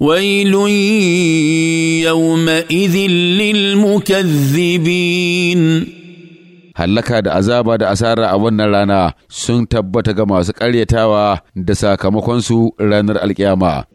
ويل يومئذ للمكذبين hallaka da azaba da asara a wannan rana sun tabbata ga masu ƙaryatawa da sakamakonsu ranar alkiyama.